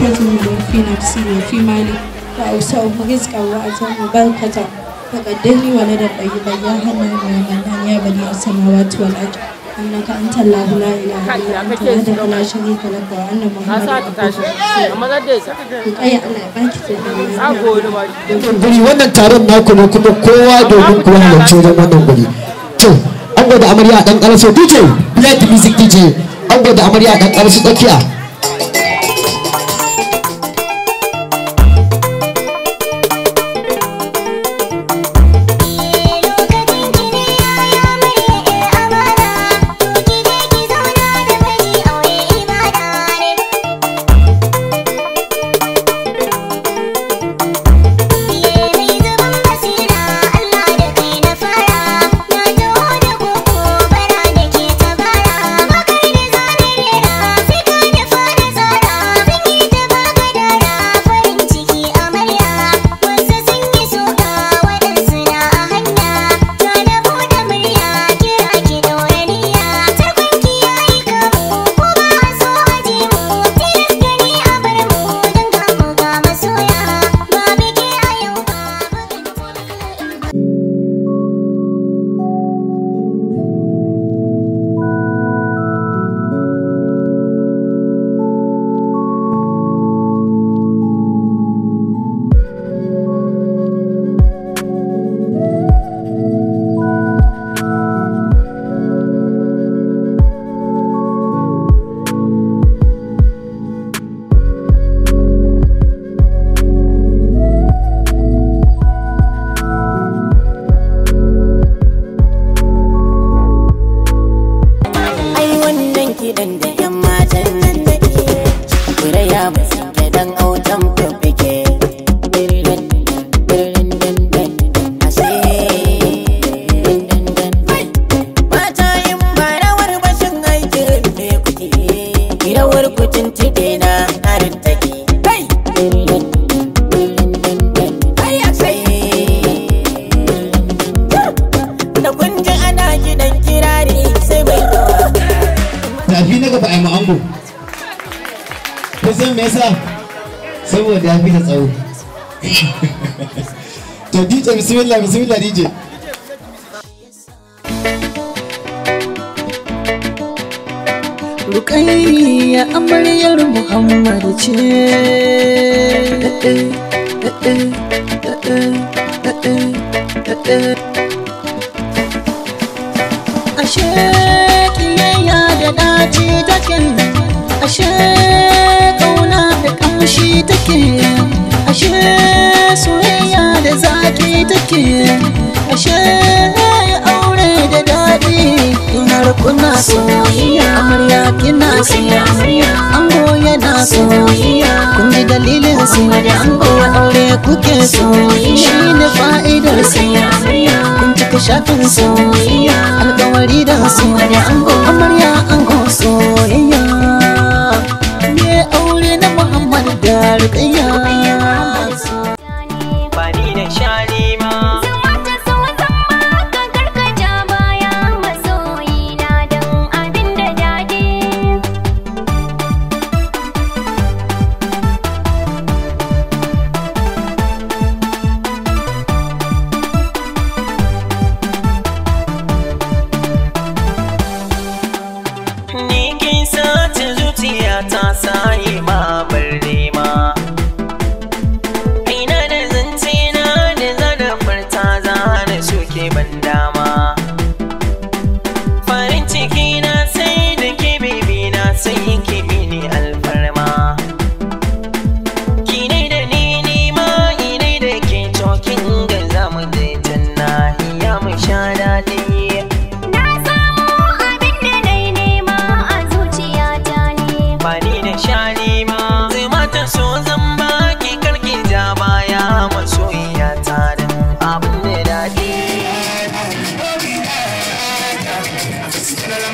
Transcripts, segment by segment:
kwazulu da fina cikin yafi mali da ausa ofis kawo a can babban kata wani da ɗaya bayan hannu mai mannan ya a sama wata wani annan ka an tallahu la ila hannu da kuma shirin ka lafa wa annan muhammadu a kuma shi amma za da ya ta da ya yi wannan taron naku ne kuma kowa domin kuma halarci wajen an gwada amarya a ɗan ƙarfi dj kusan me yasa saboda ya fi ta tsawo to DJ bismillah bismillah DJ Rukaiya amaryar Muhammad ce Ashe kiyayya da dace take ashe kauna da kamshi take ashe soyayya da zaki take ashe aure da daɗi ina rukuna soyayya amarya kina siya ango yana soyayya kun ji dalilin siya ango aure kuke so shi ne fa'idar siya kun cika shafin soyayya alkawari da soyayya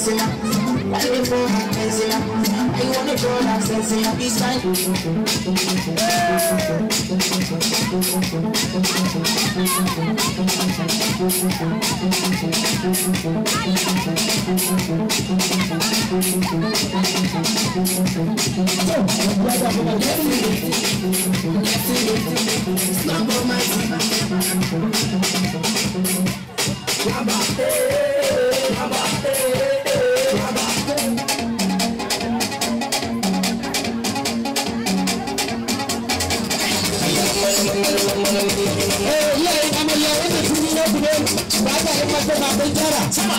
I wanna go like sense Don't wanna ba ta yin mata na ɗan gyara sama